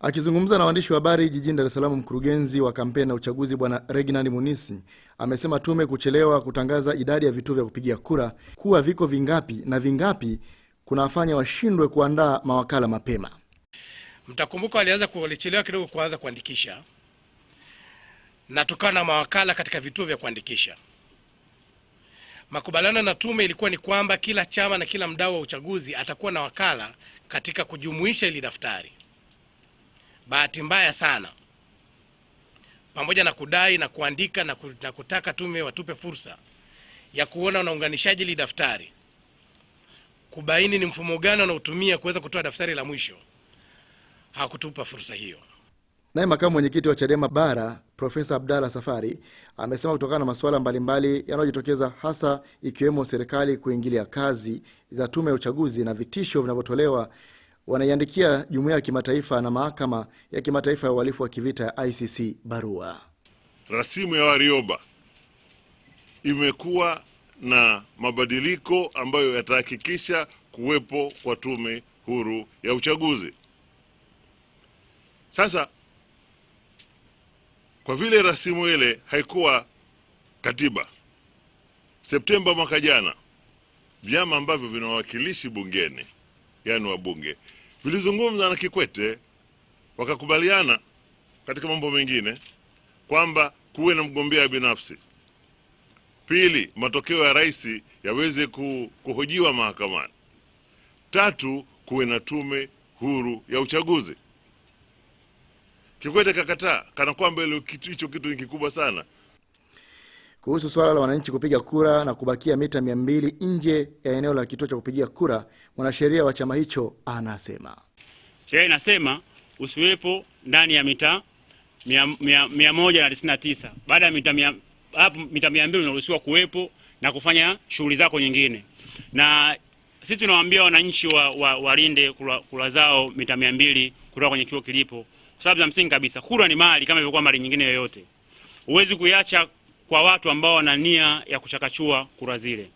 Akizungumza na waandishi wa habari jijini Dar es Salaam, mkurugenzi wa kampeni na uchaguzi Bwana Reginald Munisi amesema tume kuchelewa kutangaza idadi ya vituo vya kupigia kura kuwa viko vingapi na vingapi kunawafanya washindwe kuandaa mawakala mapema. Mtakumbuka walianza kulichelewa kidogo kuanza kuandikisha, na tukawa na mawakala katika vituo vya kuandikisha. Makubaliano na tume ilikuwa ni kwamba kila chama na kila mdau wa uchaguzi atakuwa na wakala katika kujumuisha ili daftari bahati mbaya sana, pamoja na kudai na kuandika na kutaka tume watupe fursa ya kuona unaunganishaji ili daftari kubaini ni mfumo gani wanaotumia kuweza kutoa daftari la mwisho, hakutupa fursa hiyo. Naye makamu mwenyekiti wa Chadema Bara Profesa Abdalla Safari amesema kutokana na masuala mbalimbali yanayojitokeza hasa ikiwemo serikali kuingilia kazi za tume ya uchaguzi na vitisho vinavyotolewa wanaiandikia jumuiya ya kimataifa na mahakama ya kimataifa ya uhalifu wa kivita ya ICC barua. Rasimu ya Warioba imekuwa na mabadiliko ambayo yatahakikisha kuwepo kwa tume huru ya uchaguzi. Sasa kwa vile rasimu ile haikuwa katiba, Septemba mwaka jana, vyama ambavyo vinawakilishi bungeni, yaani wabunge vilizungumza na Kikwete wakakubaliana katika mambo mengine kwamba kuwe na mgombea binafsi. Pili, matokeo ya rais yaweze kuhojiwa mahakamani. Tatu, kuwe na tume huru ya uchaguzi. Kikwete kakataa kana kwamba hicho kitu ni kikubwa sana kuhusu swala la wananchi kupiga kura na kubakia mita mia mbili nje ya eneo la kituo cha kupigia kura, mwanasheria wa chama hicho anasema sheria inasema usiwepo ndani ya mita mia, moja na tisa. Baada ya mita hapo mita mia mbili unaruhusiwa kuwepo na kufanya shughuli zako nyingine, na sisi tunawaambia wananchi walinde wa, wa kura zao mita mia mbili kutoka kwenye kituo kilipo, kwa sababu za msingi kabisa, kura ni mali kama ilivyokuwa mali nyingine yoyote. Huwezi kuiacha kwa watu ambao wana nia ya kuchakachua kura zile.